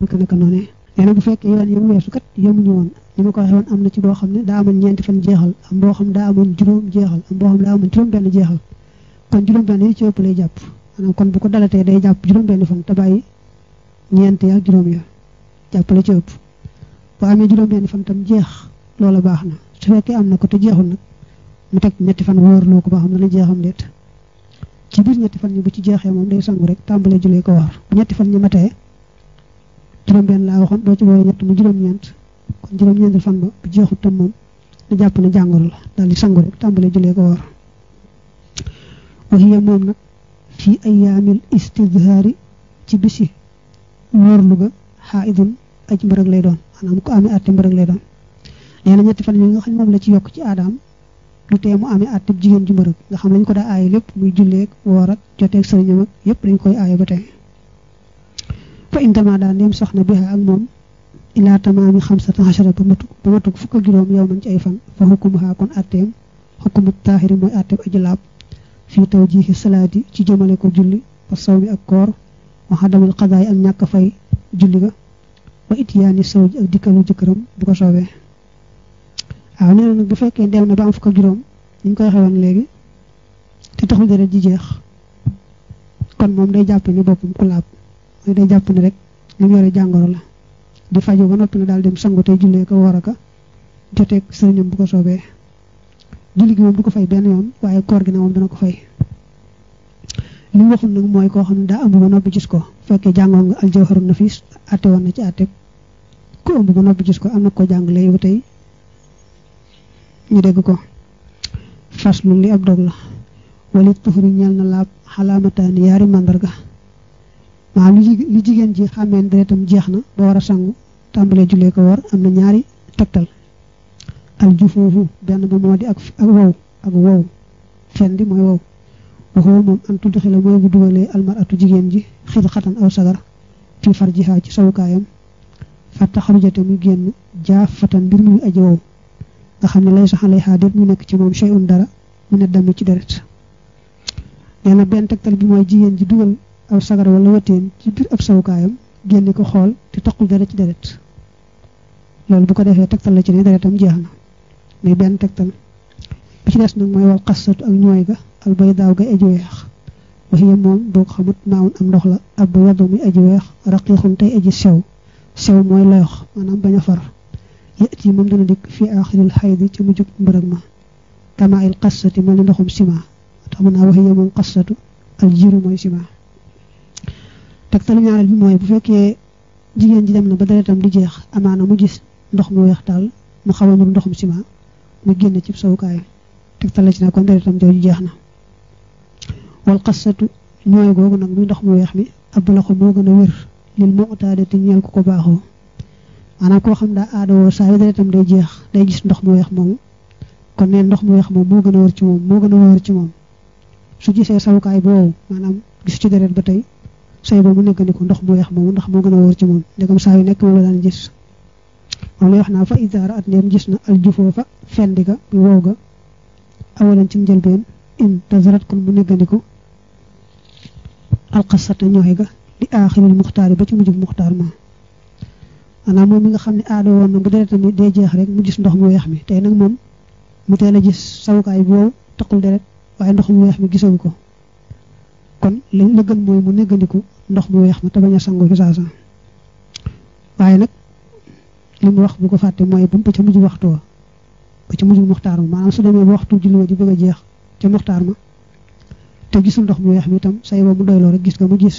naka naka noonee nee bu fekkee yoon yi weesu kat yemuñu woon li ma ko waxee am na ci boo xam ne daa amoon ñeenti fan jeexal am boo xam daa amoon juróom jeexal am boo xam daa amoon juróom-benn jeexal kon juróom-benn yi ci ëpp lay jàpp maanaam kon bu ko dalatee day jàpp juróom-benn fan te bàyyi ñeent ak juróom ya jàppale ci ëpp bu amee juróom-benn fan tam jeex loola baax na su fekkee am na ko te jeexul nag mu teg ñetti fan wóorloo ko ba xam dana jeexam déet ci biir ñetti fan ñi bu ci jeexee moom day sangu rek tàmbalee julee ko war ñetti fan ñi matee juróom-benn laa waxoon boo ci boole ñett mu juróom-ñeent kon juróom-ñeent fan ba bu jeexut tam moom na jàpp ne jàngoro la daal di sangu rek tàmbalee julee ko woor wa hiya moom nag fii ayaamil istidhaari ci bisi wóorlu ga xaa idun aj mbërëg lay doon maanaam ko amee àtte mbërëg lay doon nee na ñetti fan yi nga xam ne la ci yokk ci aadaam du tee mu amee àtte jigéen ju mbërëg nga xam lañ ko daa aaye lépp muy julleeg woor ak joteeg sëriñam ak yépp dañ koy aaye ba tey fa indama daan yem soxna bi ak moom ilaa tamaami xamsata xasara ba matu ba matu fukk ak juróom yow man ci ay fan fa xukumuha kon atteem xukumu taahiri mooy atteem aji laab fii taw jiixi salaati ci jëmale ko julli ba saw mi ak koor waxa damul xadaay ak ñàkk fay julli ga wa it yaani saw ji ak dikkalu bu ko soobee waaw nee na nag bu fekkee dem na ba am fukk ak juróom ñu koy xewoon léegi te taxul dara ji jeex kon moom day jàppe ni boppam ku laab mooy day jàpp ne rek lu mu yore jàngoro la di faju ba noppi na daal dem sangu tey jullee ko woor aka joteeg sëriñam bu ko soobee julli gi moom du ko fay benn yoon waaye koor gi na moom dana ko fay li waxul nag mooy koo xam ne daa ëmb ba noppi gis ko fekkee jàngoo nga aljawharu nafis àtte woon na ci àtte ku gis ko am nag ko jàng léegi ba tey ñu dégg ko faslu li ab dog la walit tuxuri ñeel na laab xalaamataani yaari màndarga waaw lu jigéen ji xàmmee ne deretam jeex na ba war a sangu tàmbalee jullee ko war am na ñaari tegtal al jufuufu benn ba moo di ak ak wow ak wow fen di mooy wow waxoo moom an tudd xila mooy bu dugalee almaratu jigéen ji xil xatan aw sagar fi farjiha ci sawukaayam fa taxarujate mu génn jaafatan mbir muy aji wow nga xam ne lay saxalay xaadir mu nekk ci moom shay'un dara mu ne dami ci deret nee na benn tegtal bi mooy jigéen ji dugal aw sagar wala wateen ci biir ab sawukaayam génn ko xool te taqul dara ci deret loolu bu ko defee tegtal la ci ne deretam jeex na muy benn tegtal bi ci des nag mooy wal xasatu ak ñooy ga al bay daaw ga aji weex wax moom boo ko xamut maawun am ndox la ab ba yaddu muy aji weex raqiixun tey aji sew sew mooy layox maanaam bañ a far yët yi moom dana dikk fii aaxiril xaydi ci mujjug mbërëg ma kama il xasati mel ni ndoxum sima tax mën naa wax yëpp moom xasatu al jiru mooy tegtalu ñaareel bi mooy bu fekkee jigéen ji dem na ba deretam di jeex amaana mu gis ndox mu weex daal mu xaw a ndoxum ciment mu génn ci sowukaay tegtal ci ne kon deretam jeex na wal xasatu nag muy ndox mu weex mi ablaxu moo gën a wér lil mu'tadati ñeel ko ko baaxoo maanaam koo xam daa aadawoo saa yu jeex day gis ndox mu weex moomu kon ndox mu weex moom moo gën a wër moo gën a wër ci moom su gisee sawukaay boobu maanaam gis ci deret ba tey say boobu nëggandiku ndox mu weex moomu ndax moo gën a wóor ci moom ndegam saa yu nekk moom la daan gis moom lay wax naa fa isaara at ndeem gis na al jufoofa fendi ga bi wow ga awalan ci njëlbeen in tazarat kon mu nekkandiku alxasata ñooy ga di aaxiril muxtaar yi ba ci mujjub muxtaar ma xanaa moom mi nga xam ne aada woon na bu deretam yi jeex rek mu gis ndox mu weex mi tey nag moom mu teel a gis sawukaay bi wow taqul deret waaye ndox mu weex mi gisagu ko kon la gën mooy mu ndox mu weex ma te bañ a sangu fi saasa waaye nag li mu wax bu ko fàtte mooy ba mu ca mujj wa ba ca mujj ma maanaam su demee ba waxtu julli wa bëgg a jeex ca muxtaar ma te gisul ndox mu weex mi itam say ba mu doyloo rek gis nga mu gis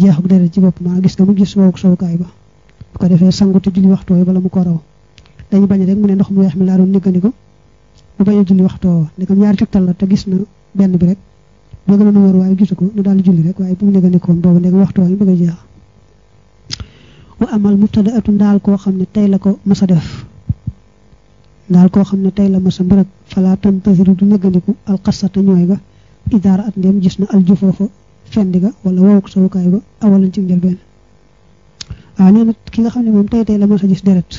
jeex bu deret ci bopp maanaam gis nga mu gis wow ba bu ko defee sangu te julli waxtu wa bala mu ko raw dañu bañ rek mu ne ndox mu weex mi laa doon néggandiku mu bañ a julli waxtu wa ndekam ñaari la te gis na benn bi rek bëgg na wóor waaye gisu ko ñu daal julli rek waaye bu mu nekk nekkoon boobu nekk waxtu waa ngi bëgg a jeex wa amal mubtada atun koo xam ne tey la ko mas def daal koo xam ne tey la mas a mbërëg fala tantasiru du nëggandiku gis na aljufoofa fendi ga wala wowuk sawukaay ba awalan na ki nga xam ne moom tey tey la mas gis deret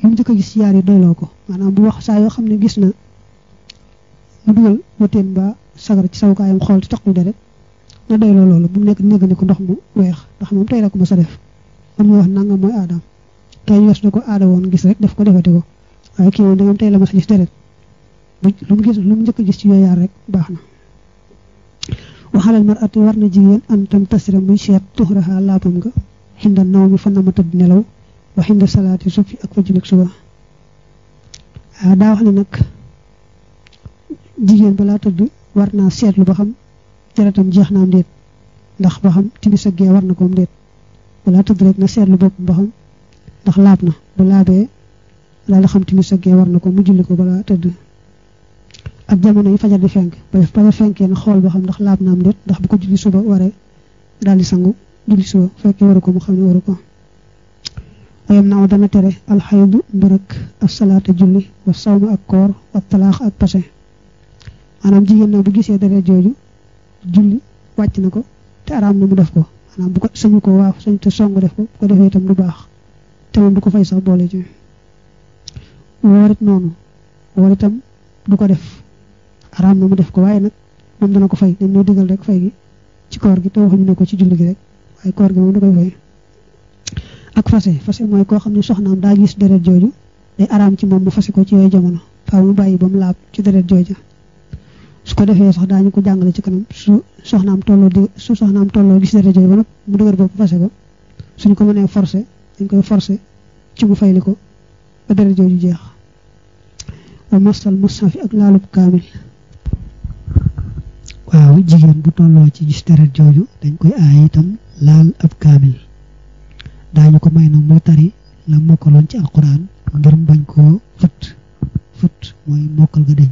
lu njëkk a gis yaar yi doyloo ko maanaam bu wax saa yoo xam ne gis na mu dugal wëteen ba sagar ci sawukaayam xool ci toq mi deret na doy loo loolu bu nekk néggandiku ndox mu weex ndax moom tey la ko mos a def man muy wax nangam mooy aadam tey wees na ko aada woon gis rek def ko defati ko waaye kii moom da moom tey la ma a gis deret bu lu mu gis njëkk a gis ci yooyaar rek baax na waxalal mar war na jigéen an tam tasira muy seet tuxraha laabam nga xinda naw mi fa na ma tëdd nelaw wa xinda salaati suuf yi ak fa jubeg suba daa jigéen balaa tëdd war naa seetlu ba xam deretam jeex naa am déet ndax ba xam timis gee war na ko am déet balaa tëdd rek na seetlu bopp ba xam ndax laab na bu laabee xam timis ak gee war na ko mu julli ko balaa tëdd ak jamono yi fajar di fenk ba def xool ba xam ndax laab na am déet ndax bu ko julli suba waree daal di sangu julli suba fekkee waru ko mu xam ne waru ko wayam naaw dana tere alxaydu mbërëk ak salaata julli wa sawma ak koor wa ak pase maanaam jigéen nag bu gisee deret jooju julli wàcc na ko te araam na mu def ko maanaam bu ko sañu ko waaw sañ te song def ko bu ko defee itam du baax te moom du ko fay sax boole ci noonu woor itam du ko def araam na def ko waaye nag moom dana ko fay dañ ñoo digal rek fay gi ci koor gi te waxuñu ne ko ci julli gi rek waaye koor gi moom da koy fay ak fase fase mooy koo xam ne soxnaam daa gis deret jooju day araam ci moom mu fase ko ci yooyu jamono faaw mu bàyyi ba mu laab ci deret jooju su ko defee sax daañu ko jàngale ci kanam su soxna tolloo di su soxnaam tolloo gis dara jooy ba nag mu dëgër bopp fase ko suñ ko mënee forcé dañ koy forcé ci mu fayli ko ba dara jooju jeex wa masal musafi ak laalub kaamil waaw bu tolloo ci gis deret jooju dañ koy aay itam laal ab kaamil daañu ko may nag muy tari la mokkaloon ci alquran ngir bañ koo fët mooy mokkal ga dañ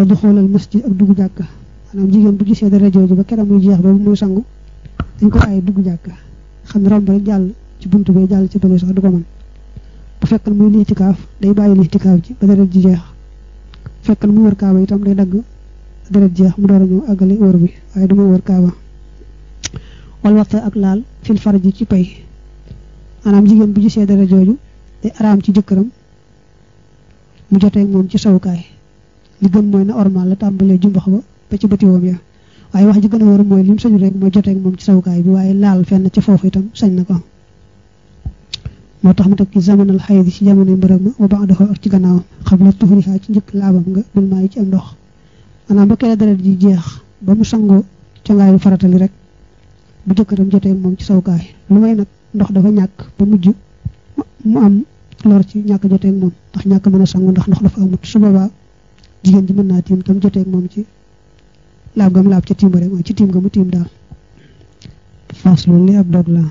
wa du xoolal masjid ak dugg jàkka maanaam jigéen bu gisee dara jooju ba keroog muy jeex ba muy sangu dañ ko aaye dugg jàkk xam ne romb jàll ci buntu bee jàll ci bële sax du ko mën bu fekkan muy liitikaaf day bàyyi liitikaaf ji ba dara ji jeex bu fekkan muy wër kaaba itam day dagg dara jeex mu door a ñëw àggale wër bi waaye du wër kaaba wal ak laal fil ji ci pay maanaam jigéen bu gisee dara jooju day araam ci jëkkëram mu jotee moom ci sawukaay li gën mooy na ormal la tàmbalee jumbax ba ba ci bëti ya waaye wax ji gën war mooy li mu sañu rek mooy joteeg moom ci sawukaay bi waaye laal fenn ca foofu sañ na ko moo tax mu teg ci zamanal xayd ci jamonoy mbërëg ma wa ba'dahu ak ci gannaaw xam la tuxriha ci njëkk laabam nga bil ndox maanaam ba kele deret ji jeex ba mu sangoo cangaayu faratali rek bu jëkkëram joteeg moom ci sawukaay lu may nag ndox dafa ñàkk ba mujj mu am lor ci ñàkk joteeg moom ndax ñàkk mën a sangu ndax ndox dafa amut su jigéen ji mën naa tiim kam joteeg moom ci laab gam laab ca tiim rek mooy ci tiim ga mu tiim daal faslu li ab dog la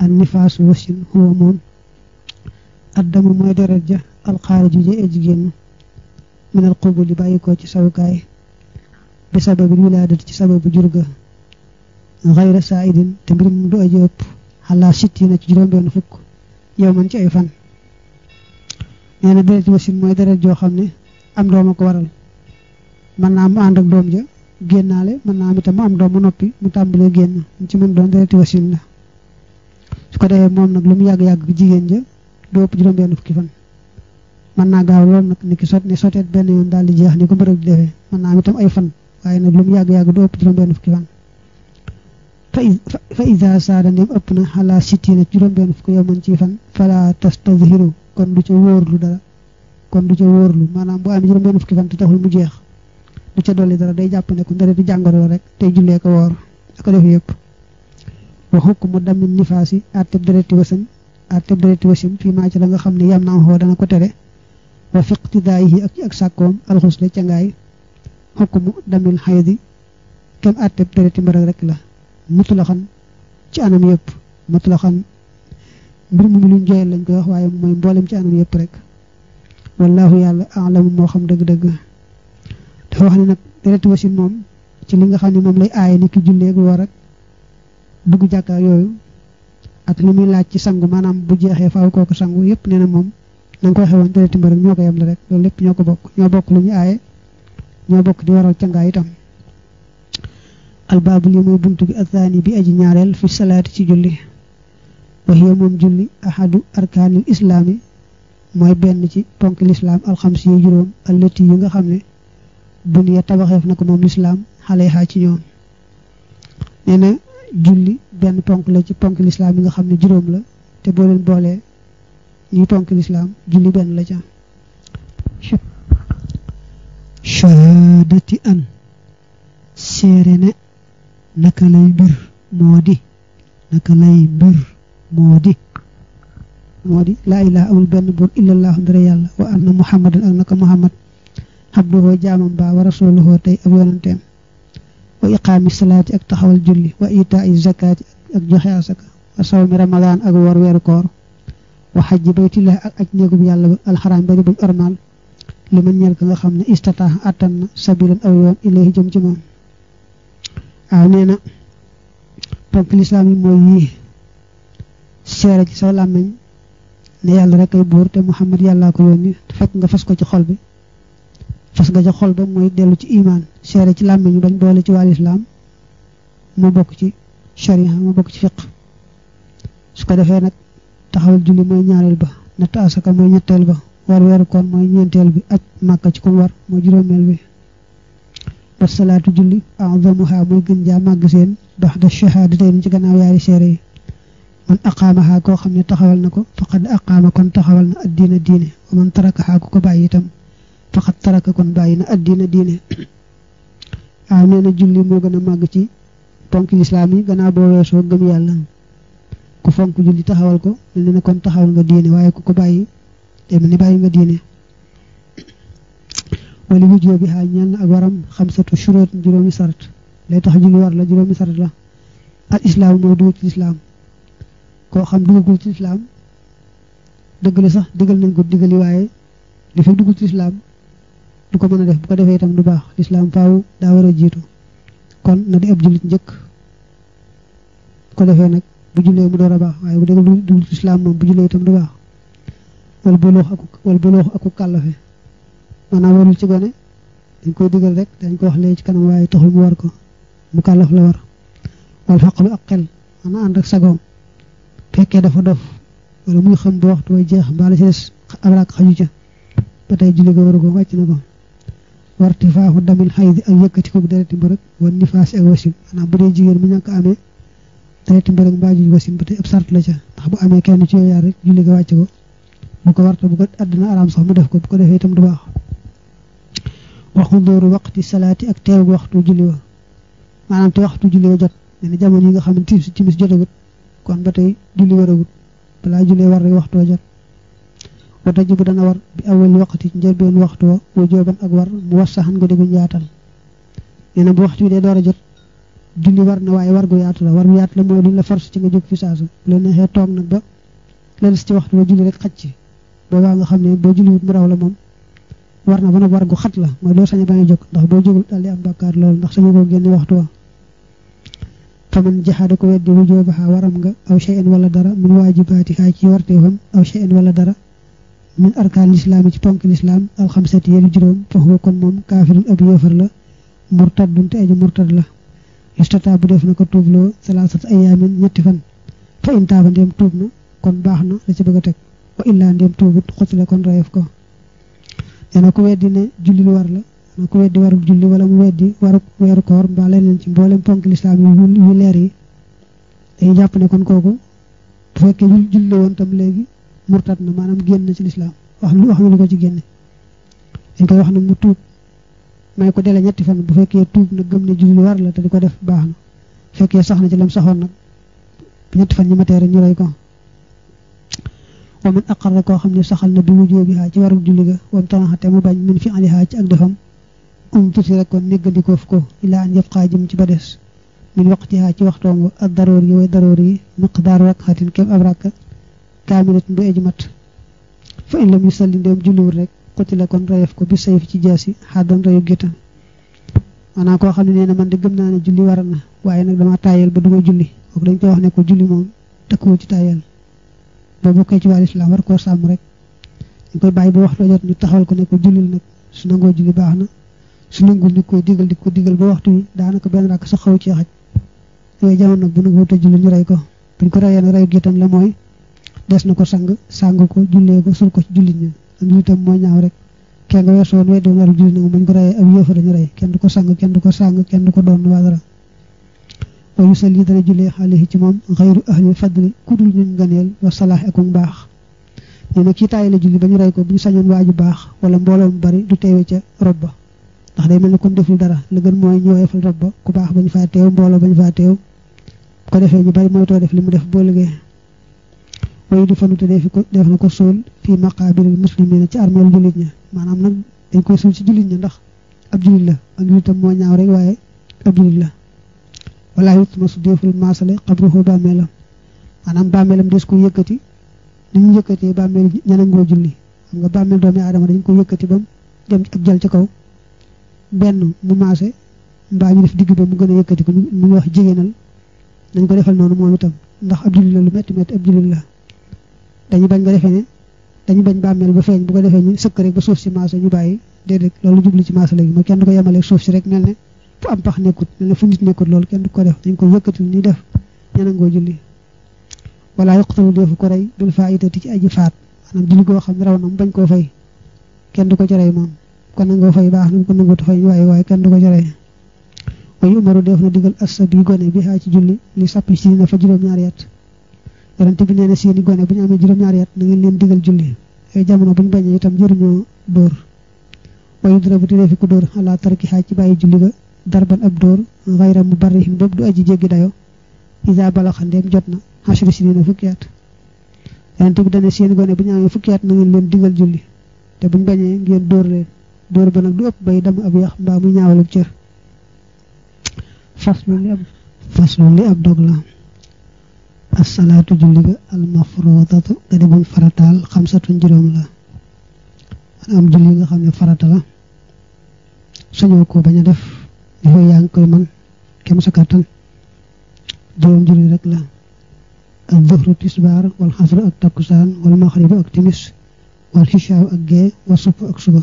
an nifaasu wasin huwa moom addamu mooy deret ja alxaariju ja e jigéen min yi bàyyi ko ci sawukaay bi sababil wilaadat ci sababu jur ga xayra saidin te mbir mu du aji ëpp xalaa sittina ci juróom benn fukk yow ci ay fan nee na deret wasin mooy deret joo xam ne am dooma ko waral mën naa mu ànd ak doom ja génnaale mën naa am itam am doom mu noppi mu tàmbalee génn mu ci mën doon dereti wasin la su ko defee moom nag lu mu yàgg-yàgg jigéen ja doo ëpp juróom-benn fukki fan mën naa gaaw loolu nag ni ki sot ni soteet benn yoon daal di jeex ni ko mbërëg di defee mën naa am itam ay fan waaye nag lu mu yàgg-yàgg doo ëpp juróom-benn fukki fan fa isa saada ëpp na xalaa sittina juróom-benn fukki yow mën ci fan fala tastazhiru kon du ca kon du ca wóorlu maanaam bu amee juróom benn fukki fan te taxul mu jeex du ca dolli dara day jàpp ne ko ndare di jàngoro rek tey jullee ko woor ak def yëpp wa xukmu damin nifaasi atteb dereti wasin atteb dereti wasin fii la nga xam ne yam naa xoo dana ko tere wa fiqtidaayihi ak ak sàkkoom alxusle ca ngaay xukmu damil xaydi kem atteb dereti mbarag rek la mutulaxan ci anam yëpp mutulaxan mbir mu luñ joyal lañ koy wax waaye mooy mboolem ci anam yëpp rek wallaahu yàlla alamu moo xam dëgg-dëgg dafa wax ne nag deret wasin moom ci li nga xam ne moom lay aaye ni ki julleeg woor ak dugg jàkkaar yooyu ak li muy laaj ci sangu maanaam bu jeexee faaw kooku sangu yépp nee na moom na nga ko waxee woon dereti mbërëg ñoo ko yem la rek loolu lépp ñoo ko bokk ñoo bokk lu ñu aaye ñoo bokk di waral cangaay itam albaabu li mooy bunt bi azaani bi aji ñaareel fi salaati ci julli waxiya moom julli ahadu arkaanil islaami mooy benn ci ponk lislaam alxamsi yu juróom allëti yi nga xam ne buniya tabaxeef na ko moom lislaam xale xaa ci ñoom nee na julli benn ponk la ci ponk lislaam yi nga xam ne juróom la te boo leen boolee ñuy ponk lislaam julli benn la ca shahaadati an seere ne di naka lay mbir moo di moo di laa ilaha amul benn buur illallah ndara yàlla wa anna muhammadan ak naka muhammad abduhu jaamam ba wa rasuluhu tey ab yonanteem wa iqaami salaati ak taxawal julli wa itaa'i zakaati ak joxe asaka wa sawmi ramadaan ak woor weeru wa xajji baytillah ak aj yàlla ba alxaraam bari ormaal li ma ka nga xam ne istataa attan na aw yoon ilayhi jëm ci moom waaw mooy yii seere ci ne yàlla rek ay buur te Muhammad yàllaa ko yónni fekk nga fas ko ci xol bi fas nga ci xol ba mooy dellu ci imaan seere ci làmmiñu bañ boole ci wàll islaam mu bokk ci sharia mu bokk ci fiq su ko defee nag taxawal julli mooy ñaareel ba natt asaka mooy ñetteel ba war weeru koon mooy ñeenteel bi aj màkka ci kum war mooy juróomeel bi wasalaatu julli azamuha mooy gën jaa màgg seen dox da shahaadateen ci gannaaw yaari seere yi man aqaamaha koo xam ne taxawal na ko faqad aqaama kon taxawal na addiina diine wa man tarakaha ku ko bàyyi itam faqad taraka kon bàyyi na addiina diine waaw nee julli moo gën a màgg ci ponk lislaam yi gannaaw boo weesoo gëm yàlla ku fonk julli taxawal ko mel ne kon taxawal nga diine waaye ku ko bàyyi day mel ni bàyyi nga diine wala wujjoo bi xaaj ñenn ak waram xamsatu shuruut juróomi sart lay tax julli war la juróomi sart la al islaam mooy dugg ci lislaam koo xam duggagul ci lislaam dëgg sax digal nañ ko digali waaye li fi duggul ci lislaam du ko mën a def bu ko defee itam du baax lislaam daa war a jiitu kon na di njëkk ko defee nag bu door a baax waaye bu dégg du duggul ci lislaam moom bu jullee itam du baax wal boloox aku wal boloox aku kàllafe maanaam warul ci gone dañ koy digal rek dañ ko wax léegi ci kanam waaye taxul mu war ko mu kàllaf la war wal xaq lu ak xel maanaam ànd ak sagoom fekkee dafa dof wala muy xam ba waxtu way jeex mbaa la ci des ab raak xaju ca ba tey julli ga war a ko wàcc na ko warti faaxu damil xaydi ak yëkkati ko dereti mbërëg wan nifaasi ak wasin maanaam bu dee jigéen mu ñàkk amee dereti mbërëg mbaa juj wasin ba tey ab sart la ca ndax bu amee kenn ci yooyu rek julli ga wàcc ko bu ko warta bu ko àddina araam sax mu def ko bu ko defee itam du baax waxu dóoru waxti salaati ak teew waxtu julli wa maanaam te waxtu julli wa jot ne jamono yi nga xam ne timis jotagut kon ba tey julli wérawut balaa jullee war rek waxtu wa jot wata dana war bi awal waqti njëlbeen waxtu wa mu jooban ak war mu wasaxan nga dégguñ yaatal nee na bu waxtu wi dee door a jot julli war na waaye war gu yaatu la war gu yaatu la mooy duñ la force ci nga jóg fi saasu bu neexee toog nag ba la des ci waxtu wa julli rek xaj ci boobaa nga xam ne boo julliwut mu raw la moom war na ba nag war gu xat la mooy doo sañ a bañ a jóg ndax boo jógul daal di am bàkkaar loolu ndax sañu koo génne waxtu wa faman jaxaada ko weddi wujoobaxaa waram nga aw shay'an wala dara min waajibaatihaa ci warteefam aw shay'an wala dara min arkaan lislaam yi ci ponk lislaam alxamsati yari juróom fahuwa kon moom kaafirun ab yéefar la murtadun te aji murtad la yustata bu def na ko tuubloo salaasat ayaamin ñetti fan fa in taaba tuub na kon baax na la ci bëgg a teg wa illaa ndéem tuubut xotila kon rayef ko nee na weddi ne julli war la ma ko weddi warub julli wala mu weddi warub weeru koor mbaa leen ci mbooleem ponk lislaam yi yu leer yi dañuy jàpp ne kon kooku bu fekkee julli woon tam léegi murtat na maanaam génn na ci lislaam wax lu wax ko ci génne dañ koy wax ne mu tuub may ko dele ñetti fan bu fekkee tuub nag gëm ne julli war la te di ko def baax na bu fekkee sax na ci lam saxoon nag bu ñetti fan ñi ma teere ñu rey ko wa man aqarra koo xam ne saxal na bi wujjoo bi haa ci warub julli ga wam mu bañ min fi ci ak defam an tusira kon néggandikoof ko ilaa an yëfqaa jëm ci ba des min waqtihaa ci waxtoom ak daroor yi way daroor yi miqdaaru rakxatin kem ab rakka kaamilatin bu eju mat fa in lam yusalli ndéem julliwul rek xutila kon reyef ko bi sayf ci jaasi xaddan reyu géttam maanaam koo xam ne nee na man de gëm naa ne julli war waaye nag dama taayal ba du duma julli kooku dañ koy wax ne ko julli moom takkuwu ci taayal boo bokkee ci wàllu islam war koo sàmm rek dañ koy bàyyi ba waxtu ñu taxawal ko ne ko jullil nag su nangoo julli baax na su nangul ñu koy digal di ko digal ba waxtu wi daanaka benn rakk sa xaw ci xaj yooyu jamono nag bu nag wuta julli ñu rey ko buñ ko reyee nag rey gi itam la mooy des na ko sang sàng ko jullee ko sul ko ci jullit ñi ak itam moo ñaaw rek kenn nga weesu woon weddi woon naru jullit nag buñ ko reyee ab yëfa dañu rey kenn du ko sang kenn du ko sang kenn du ko doon waa dara wa yusalli dana jullee xaalihi ci moom xayru ahli fadli ku dul nga nganeel wa salaax ak baax nee na kii taay la julli ba ñu rey ko bu ñu sañoon waaju baax wala mbooloo mu bari du teewe ca rob ba ndax day mel na kon deful dara la gën mooy ñu woyofal rob ba ku baax bañ faa teew mbooloo bañ faa teew ko defee ñu bari moytoo def li mu def boo liggéey wayu di fanu te def ko def na ko suul fii maqaabiril muslimina ci armeel jullit ña maanaam nag dañ koy suul ci jullit ña ndax ab jullit la ak jullitam moo ñaaw rek waaye ab la wala yutma su deeful maasale xabruhu bàmmeelam maanaam bàmmeelam des ko yëkkati lu ñu yëkkatee bàmmeel ñeneen ngoo julli xam nga bàmmeel doomi aadama dañ ko yëkkati bam jëm ak jël ci kaw benn mu maase mbaa ñu def digg ba mu gën a yëkkati ko mu wax jigéenal dañ ko defal noonu moom itam ndax ab jullit la lu metti metti ab jullit la dañu bañ nga defee ne dañu bañ bàmmeel ba feeñ bu ko defee ñu sëkk rek ba suuf si maase ñu bàyyi déedéet loolu jublu ci kenn du ko yemale suuf si rek mel ne fu am pax nekkut mel ne fu nit nekkut loolu kenn du ko def dañ ko yëkkati ñuy def ñanangoo julli wala yoqtalu deefu ko rey bil faitati ci aji faat maanaam julli koo xam ne raw na mu bañ koo fay kenn du ko ci rey moom kon nangoo fay baax na ko nangutu fay waaye waaye kenn du ko jëlee waaye umaru def na digal assa bi gone bi xaa ci julli li sàpp si na fa juróom-ñaari at yonente bi nee na seeni gone bu ñu amee juróom-ñaari at na ngeen leen digal julli ay jamono bu ñu bañee itam jëriñoo dóor waaye dara bu tiree fi ku dóor ala tarki xaaj ci bàyyi julli ga darban ab dóor xayra mu bari hin boobu du aji jéggi dayo isa balaxa ndeem jot na xasru si na fukki at yonente bi dana seeni gone bu ñu amee fukki at na ngeen leen digal julli te bu ñu bañee ngeen dóor leen dóor ba nag du ëpp bay dam ab yax mbaa muy ñaawalug cër faslu li ab faslu li ab dog julli ga almafruudatu ga farataal xamsatun juróom la am julli nga xam ne farata la sañoo ko bañ a def li koy yaa ngi koy man kem sa kattan juróom julli rek la ak zuhru tisbaar wal xasru ak takkusaan wal maxribu ak timis wal xishaaw ak gee wa ak suba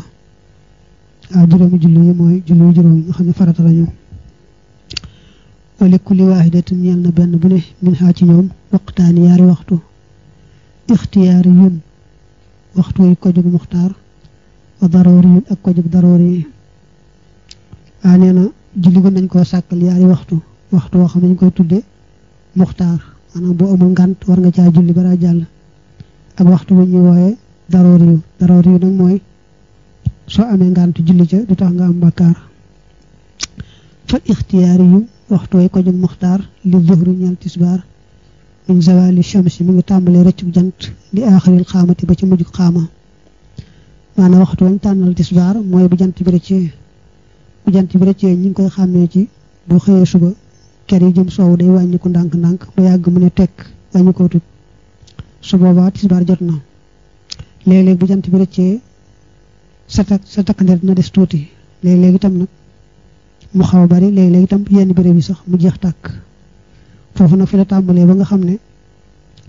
waaw ah, juróomi julli yi mooy julli juróom yi nga xam ne farata lañu wali kulli waahidatin ñeel na benn bu ne min xaa ci ñoom waqtaani yaari waxtu ixtiyaari yun waxtu yi ko jóg muxtaar wa daroori yun waa na julli gën nañ koo sàkkal waxtu waxtu woo xam nañ koy tudde muxtaar maanaam boo amul ngànt war nga caa julli bara jàll ak waxtu bu ñuy wooye daroori yu daroori yu nag mooy soo amee ngant julli ca du tax nga am bàkkaar fal ixtiyaari yu waxtu way ko ñu muxtaar li zuhri ñal tisbaar min zawali shamsi mu ngi tàmbalee rëccu jant li aaxiril xaamati ba ci mujj xaama maanaam waxtu wañ tànnal tisbaar mooy bu jant bi rëccee bu jant bi rëccee ñu ngi koy xàmmee ci bu xëyee suba ker yi jëm soow day wàññiku ndànk-ndànk ba yàgg mu ne tekk wàññi ko su boobaa tisbaar jot na léeg bu jant bi rëccee sa takk sa takkandeer dina des tuuti léeg léegi tam nag mu xaw a bari léeg-léeg itam yenn béréb yi sax mu jeex tàkk foofu nag fi la tàmbalee ba nga xam ne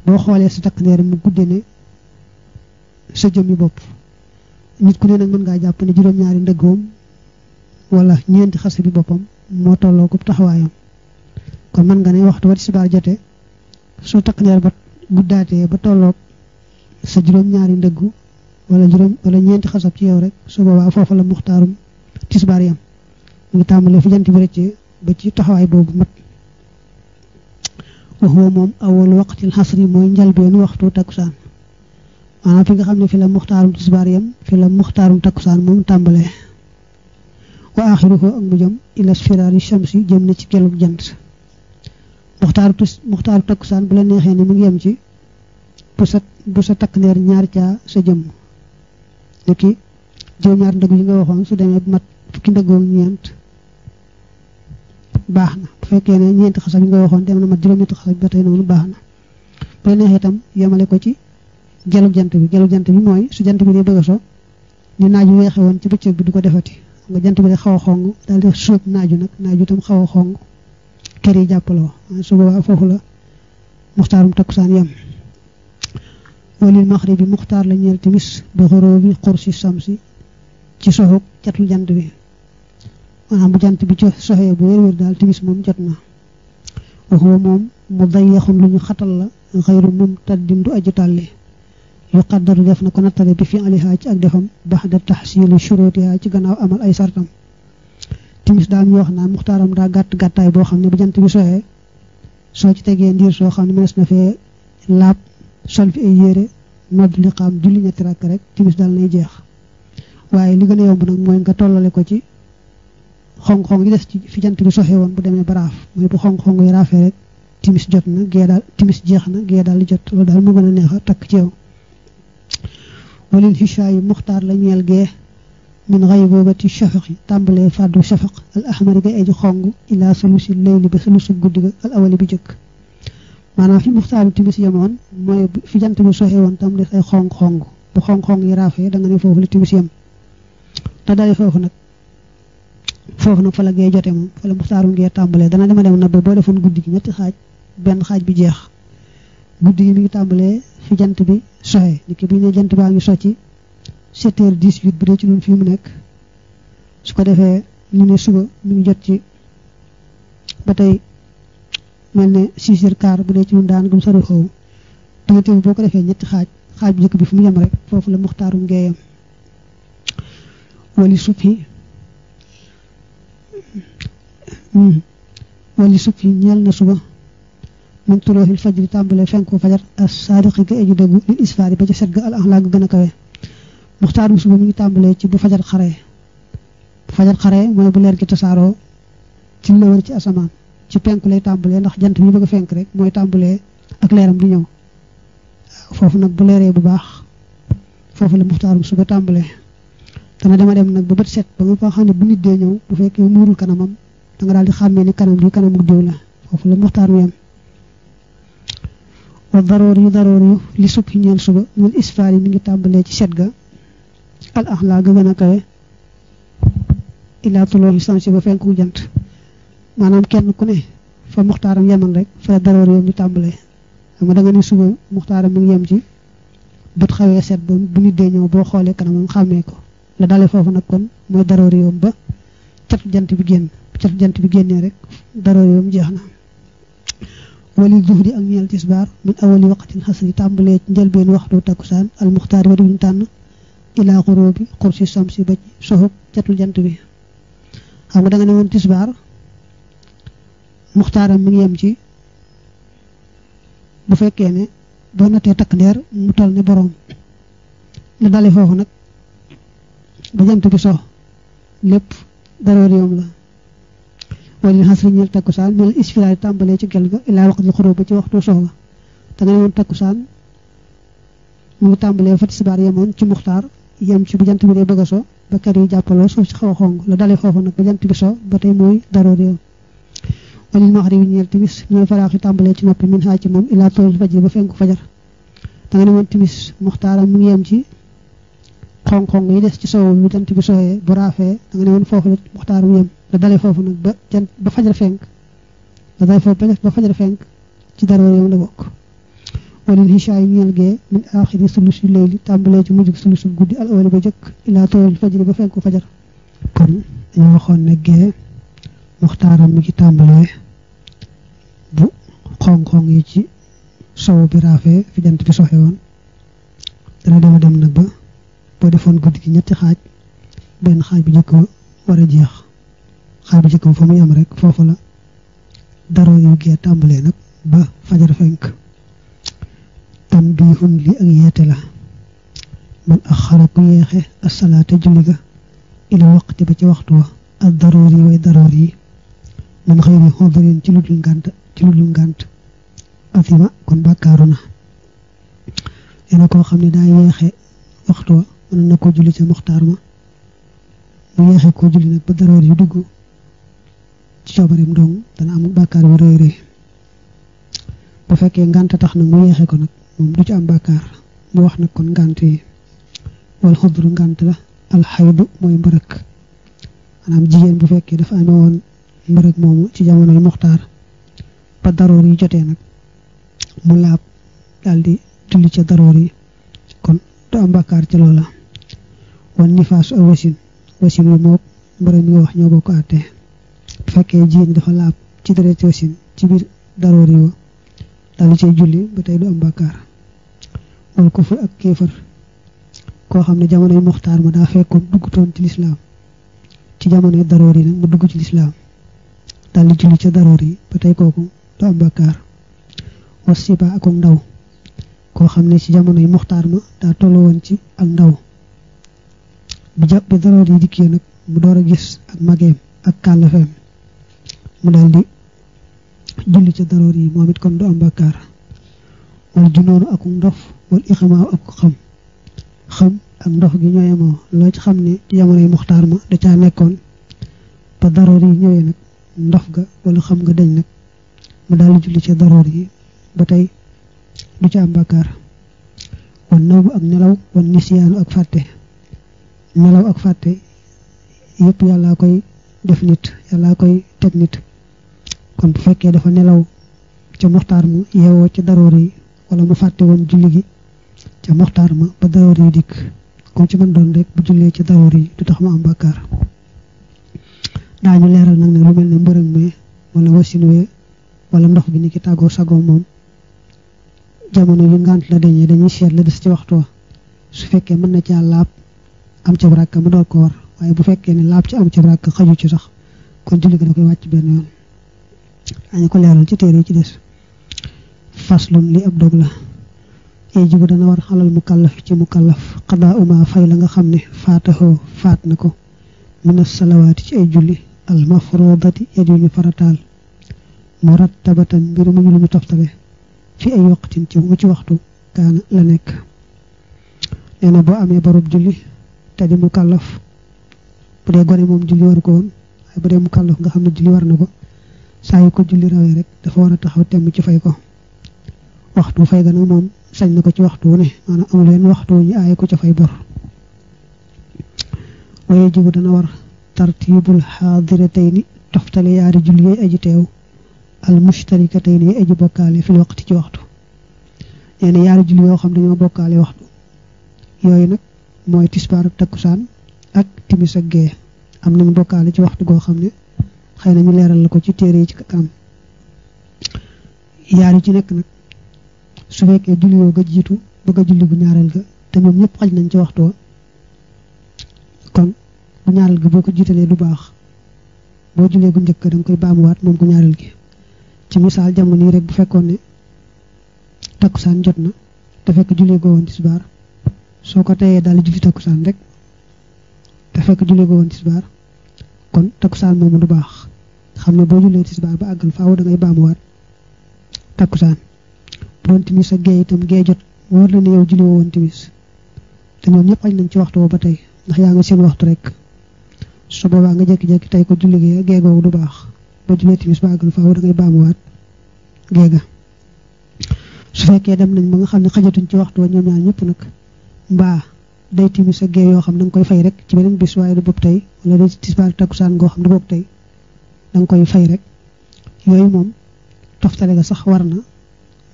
boo xoolee sa takkandeer mu gudde ne sa jëm yi bopp nit ku ne mën ngaa jàpp ne juróom-ñaari wala ñeenti xase boppam moo tolloo ko taxawaayam kon mën nga ne waxtu wa tisbaar jote soo takkandeer ba guddaatee ba tolloog sa juróom-ñaari ndëggu wala juróom wala ñeenti xasab ci yow rek su boobaa foofa la muxtaarum tisbaar yam mu ngi tàmbalee fi jant bi rëccee ba ci taxawaay boobu mat wax woo moom awal waqtil xasri mooy njalbeenu waxtu takkusaan maanaam fi nga xam ne fi la muxtaarum tisbaar yam fi la muxtaarum takkusaan moom tàmbalee wa axiruhu ak mu jëm ila sfiraari shamsi jëm na ci gelug jant muxtaaru tis muxtaaru takkusaan bu la neexee ni mu ngi yem ci bu sa bu sa takk ndeer ñaar caa sa jëmm ni ki juróom-ñaar ndëgg yi nga waxoon su demee mat fukki ndëggoom ñeent baax na bu fekkee ne ñeenti xasab yi nga waxoon dem na mat juróom-ñetti xasab ba tey noonu baax na bu neexee itam yemale ko ci gelub jant bi gelub jant bi mooy su jant bi dee bëgg a so ñu naaju weexe woon ci bëccëg bi du ko defati nga jant bi de xaw a xong daal di sóob naaju nag naaju itam xaw a xong kër yi jàppaloo su boobaa foofu la muxtaarum takkusaan yam walil maxribi muxtaar la ñeel timis bi xoroo bi xursi samsi ci soxuk catul jant bi maanaam bu jant bi ci soxee bu daal timis moom jot na moom mu dayyaxun lu ñu xatal la xayru mum taddin du aju tàlli yu xaddaru def na ko nattale bi fi alihaa ci ak defam baxda taxsiilu shurootihaa ci gannaaw amal ay sartam timis daal ñu wax naan muxtaaram daa gàtt gàttaay boo xam ne bu jant bi soxee soo ci tegee ndiir soo xam ne mënees na fee laab sol fi ay yére nodd li xaam julli ñetti rakk rek timis daal nay jeex waaye li gën a yomb nag mooy nga tollale ko ci xong-xong yi des ci fi jant bi soxee woon bu demee ba raaf mooy bu xong-xong yi raafee rek timis jot na gee daal timis jeex na gee daal di jot loolu daal mu gën a neex a takk ci yow walil xisha yi muxtaar la ñeel gee min xay booba ci shafaq yi tàmbalee fàddu shafaq al ahmari gay aji xong ilaa si layli ba sulusu guddi ga al awali bi jëkk maanaa fi muxtaari timis yemoon mooy fi jant bi soxe woon tam di ay xong-xong bu xong-xong yi raafee da nga ne foofu li timis yem te dalee foofu nag foofu nag fa la gee jote moom fa la muxtaarum gee tàmbalee dana dema dem na ba boo defoon guddi gi ñetti xaaj benn xaaj bi jeex guddi gi mi ngi tàmbalee fi jant bi soxe ni ki ñu ne jant baa ngi socci 7 heures 18 bu dee ci ñun fii mu nekk su ko defee ñu ne suba mi ngi jot ci ba tey mel ne siisir kaar bu dee ci mun daan gum sori xoow danga tamit boo ko defee ñetti xaaj xaaj bu njëkk bi fu mu yem rek foofu la muxtaaru ngeeyam wali suppi hmm. wali suppi ñeel na suba min tulooxil fajri tàmbalee fenku fajar as saadiqi ga eju dëggu lil isfaari ba ca set ga al axlaa gën a kawe muxtaarum suba mi ngi tàmbalee ci bu fajar xaree bu fajar xaree mooy bu leer gi tasaaroo ci la wër ci asamaan ci penku lay tàmbalee ndax jant bi bëgg a fenk rek mooy tàmbalee ak leeram di ñëw foofu nag bu leeree bu baax foofu la muxtaarum suba tàmbalee dana dama dem nag ba bët set ba nga xam ne bu nit dee ñëw bu fekkee muurul kanamam da nga daal di xàmmee ni kanam bi kanamu diw la foofu la muxtaaru yam wa daroor yu daroor yu li subhi ñeel suba ñun isfaar yi mi ngi tàmbalee ci set ga al axlaa ga gën a kawe ilaa tuloo xisansi ba fenku jant maanaam kenn ku ne fa muxtaaram yeman rek fa daroor yoom di tàmbalee xam nga da ne suba muxtaaram mi ngi yem ci bët xawee set ba bu nit dee ñëw boo xoolee kanamam xàmmee ko la dalee foofu nag kon mooy daroor yoom ba catu jant bi génn catu jant bi génnee rek daroor yoom jeex na wali zuhri ak ñeel tisbaar min awali waqtin xasri tàmbalee ci njëlbeen waxtu takkusaan al muxtaar ba duñu tànn ilaa xuroo bi xursi samsi ba ci soxub catu jant bi xam nga da nga ne woon tisbaar muxtaaram mi ngi yem ci bu fekkee ne boo nattee takk ndeer mu toll ne boroom la dale foofu nag ba jant bi so lépp daroor yoom la wala xas riñeel takkusaan mel isfilaay tàmbalee ci gel ga ilaa ba ci waxtu soxla da nga ne woon takkusaan mu ngi tàmbalee fa tisbaar yemoon ci muxtaar yem ci bu jant bi dee bëgg a so ba kër yi jàppaloo suuf si xaw a xong la dale foofu nag ba jant bi so ba tey mooy daroor yoom walil maxribi ñeel timis ñooy faraax yi tàmbalee ci noppi min xaa ci moom ilaa toolul fajri ba fenku fajar da nga ne woon timis muxtaaram mu ngi yem ci xong-xong yi des ci soow bi jant bi sooyee bu raafee da nga ne woon foofu la muxtaar mu yem da dalee foofu nag ba jant ba fajar fenk da dalee foofu fajar ci dara yow la bokk walil xichaa yi ñeel gee min aaxiri sulusi ci mujjug sulusu guddi al awali ba jëkk ilaa ba fenku fajar kon ñu waxoon ne gee muxtaaram mi ci tàmbalee xonk-xonk yi ci sow bi raafee fi jant bi soxee woon dem a ba boo defoon guddi gi ñetti xaaj benn xaaj bu njëkk ba war a jeex xaaj bu njëkk fa muy am rek foofu la daro yu gee tàmbalee nag ba fajar fenk tam bii la man ak xara julli ga ila waqti ba ci waxtu wa ak daroor yi way daroor yi man xëy bi xondarin ci lu dul ngànt ci lu ngànt asima kon bàkkaaru na nee na koo xam ne daa yeexe waxtu wa mën na ko julli ca moxtaar ma mu yeexe koo julli nag ba daroor yu dugg ci coobareem dong dana am bakkaar bu rëy rëy bu fekkee ngant tax na mu yeexe ko nag moom du ci am bàkkaar mu wax nag kon ngant yi wal xudru ngant la alxaydu mooy mbërëk maanaam jigéen bu fekkee dafa amee woon mbërëk moomu ci jamonoy moxtaar ba daroor yi jotee nag mu laab daal di julli ca daroor yi kon du am bàkkaar ca loola wan nifaas ak wasin wasin yu moog borom yi wax ñoo bokk àtte bu fekkee jigéen dafa laab ci deret wasin ci biir daroor yi wa daal di cay julli ba tey du am bàkkaar wal kufur ak kéefar koo xam ne jamonoy moxtaar ma daa fekkoon duggutoon ci lislaam ci jamonoy daroor yi nag mu dugg ci lislaam daal julli ca daroor yi ba tey kooku du am bàkkaar wasiba ak ndaw koo xam ne ci jamonoy muxtaar ma daa tollu woon ci ak ndaw bi jàpp bi nag mu door a gis ak mageem ak kàllafeem mu daldi julli ca yi moom it kon ak ndox gi ñooyemoo xam ne ci jamonoy muxtaar ma da caa nekkoon ba daroor yi ñëwee nag ndof ga wala xam nga dañ nag mu daal julli ci daroor yi ba tey du ci am bàkkaar wan naw ak nelaw wan nisiyaanu ak fàtte nelaw ak fàtte yëpp yàllaa koy def nit yàllaa koy teg nit kon bu fekkee dafa nelaw ca moxtaar mu yeewoo ca daroor yi wala mu fàtte woon julli gi ca moxtaar ma ba daroor yi dikk comme ci man doon rek bu jullee ci daroor yi du tax mu am bàkkaar daañu leeral nag ne lu mel ne mbërëg me wala wasin wala ndox bi ni ki tàggoo sagoo moom jamono yu ngànt la dañee dañuy seet la des ci waxtu wa su fekkee mën na caa laab am ca baraka ma door ko war waaye bu fekkee ne laab ci am ca baraka xaju ci sax kon julli gi da koy wàcc benn yoon dañu ko leeral ci téere yi ci des faslun li ab dog la yajibu dana war xalal mukallaf ci mukallaf xadaa uma fay la nga xam ne faataxoo faat na ko mina salawaati ci ay julli al mafruudati yajuñu farataal murattabatan mbir mu ñu lu ñu toftale fi ay waqtin ci mu ci waxtu kaana la nekk nee na boo amee barub julli te di mu kàllaf bu dee gone moom julli waru ko woon waaye bu dee mu kàllaf nga xam ne julli war na ko saa yu ko julli rawee rek dafa war a taxaw temm ci fay ko waxtu fay gana moom sañ na ko ci waxtu wu ne maanaam amul leen waxtu ñu aaye ko ca fay bor waaye jibu dana war tartiibul xaadiratayni toftale yaari julli yooyu aji teew al mushtarikatayn yi aji bokkaale fil waqti ci waxtu nee na yaari julli yoo xam dañoo bokkaale waxtu yooyu nag mooy tisbaar ak takkusaan ak timis ak gee am nañu bokkaale ci waxtu goo xam ne xëy na ñu leeral la ko ci téere yi ci kanam yaar yi ci nekk nag su fekkee julli yoo ga jiitu bëgg a julli bu ñaareel ga te ñoom ñëpp xaj nañ ci waxtu wa kon bu ñaareel ga boo ko jiitalee du baax boo jullee bu njëkk da nga koy baamuwaat moom bu ñaareel gi ci misaal jamono yi rek bu fekkoon ne takkusaan jot na te fekk julli goo woon tisbaar soo ko teyee daal julli takkusaan rek te fekk julli goo woon tisbaar kon takkusaan moomu du baax xam ne boo jullee tisbaar ba àggal faaw da ngay baamuwaat takkusaan bu doon timis ak gee itam gee jot wóor la ne yow julli woo woon timis te ñoom yëpp añ nañ ci waxtu ba tey ndax yaa nga seen waxtu rek su boobaa nga jekki jékki tey ko julli gee gee googu du baax boo jullee timis ba àggal faaw dangay baamuwaat géega su fekkee dem nañ ba nga xam ne xajatuñ ci waxtu wa ñoom ñaar ñëpp nag mbaa day timis ak gee yoo xam da nga koy fay rek ci beneen bis waaye du bopp tey wala day tisbaar takkusaan goo xam du bopp tey da nga koy fay rek yooyu moom toftale ga sax war na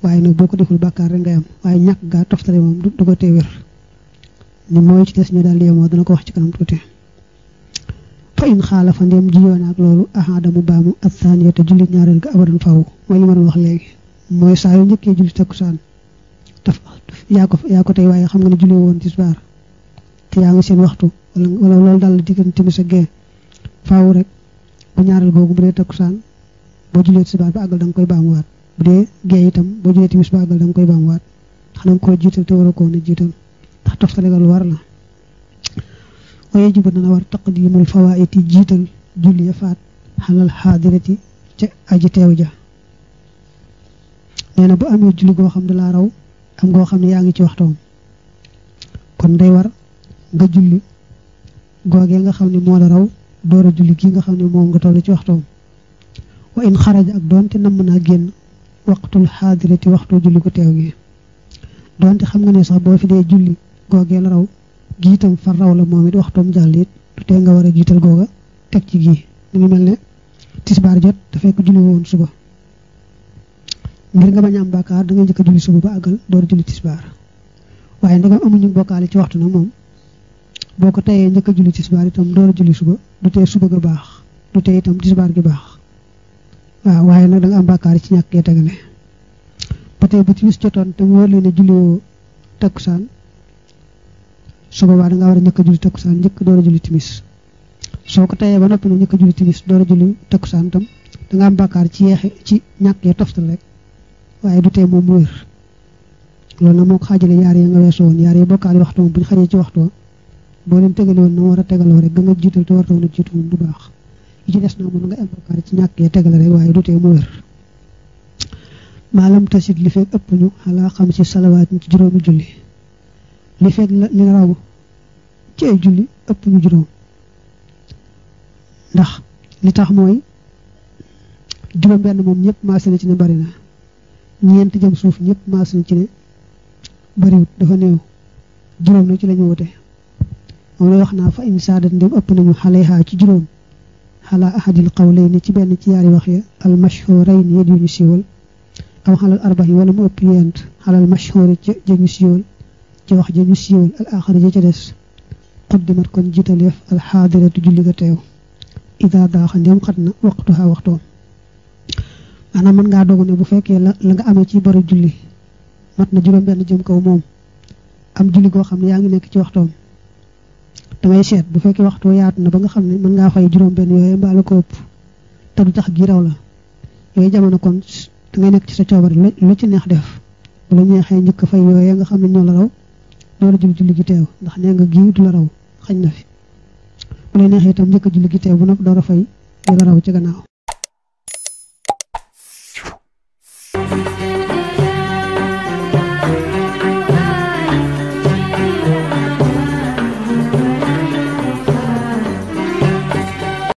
waaye nag boo ko deful bàkkaar rek ngay am waaye ñàkk gaa toftale moom du ko tee wér ni mooy ci des ñu daal yemoo dana ko wax ci kanam tuuti fa in xaalafa ndem jiyoo naag loolu ahada mu baamu ak saaniya te julli ñaareel ga abadan faw mooy li ma doon wax léegi mooy saa njëkkee julli takkusaan daf yaa ko yaa ko tey waaye xam nga ne julli woon tisbaar te yaa ngi seen waxtu wala wala loolu daal la diggante timis ak gee faaw rek bu ñaareel googu bu dee takkusaan boo jullee tisbaar ba àggal da nga koy baamuwaat bu dee gee itam boo jullee timis ba àggal da nga koy baamuwaat xanaa nga koo jiital te war a koo ne jiital ndax lu war la wa yajibu na war taqdimul fawaiti jiital julli ya faat xalal xaadirati ca aji teew ja nee na bu amee julli goo xam ne laa raw am goo xam ne yaa ngi ci waxtoom kon day war nga julli googee nga xam ni moo la raw door a julli gi nga xam ne moom nga toll ci waxtoom wa in xaraja ak doonte namm naa génn waqtul xaadirati waxtu julli ko teew gi doonte xam nga ne sax boo fi dee julli googee la raw giitam fa raw la moom it waxtoom jàll it du tee nga war a jiital googa teg ci gii mu ngi mel ne tisbaar jot te fekk julli woon suba ngir nga bañ am bàkkaar da nga njëkk a julli suba ba àggal door julli tisbaar waaye ndegam amuñu bokkaale ci waxtu na moom boo ko tayee njëkk a julli tisbaar itam door a julli suba du tee suba ga baax du tee itam tisbaar gi baax waaw waaye nag da am bàkkaar ci ñàkkee tegale ba tey bu timis jotoon te mu wóor leen ne julliwoo takkusaan su boobaa da a njëkk a julli takkusaan njëkk door a julli timis soo ko tayee ba noppi na njëkk a julli timis door a julli takkusaan tam da am bàkkaar ci yeexe ci ñàkkee toftal rek waaye du tee moom mu wér moo ko xaajale yaar ya nga weesoo woon yaar bu ñu xajee ci waxtu boo leen tegale woon war a tegaloo rek ga nga jiital te a jiitu moom baax yi des na moom nga am ci ñàkkee tegale rek waaye du tee mu wér maalam tasit li fekk ëpp ñu xalaa xam si salawaat ci juróomi julli li fekk li raw ci ay julli ëpp na juróom ndax li tax mooy juróom benn moom ñëpp maase na ci ne bari na ñeent jëm suuf ñëpp maase ci ne bariwut dafa néew juróom na ci lañu wute moom lay wax naa fa insaadat ndem ëpp nañu xale xaa ci juróom xalaa ahadil qawlayni ci benn ci yaari wax ya al mashhurayn ya ñu siiwal aw xalal arbax yi wala mu ëpp yent xalal mashhuri ja ñu siiwal ci wax ja ñu siiwal al axari ja ca des qaddimat kon jiital yëf alxaadiratu julli ga teew ida daaxa ndem xat na waxtuha waxtoom maanaam mën ngaa dogu ne bu fekkee la la nga amee ci bari julli mat na juróom benn jëm kaw moom am julli goo xam ne yaa ngi nekk ci waxtoom dangay seet bu fekkee waxtu yaatu na ba nga xam ne mën ngaa fay juróom benn yooyu mbaa la ko ëpp te du tax gi raw la yooyu jamono kon dangay nekk ci sa coobare lu ci neex def bu la neexee njëkk fay yooyu nga xam ne ñoo la raw loolu jub julli ndax nee nga gii du xañ na fi bu la neexee itam njëkk a julli gi teew bu nag doo a fay di ci gannaaw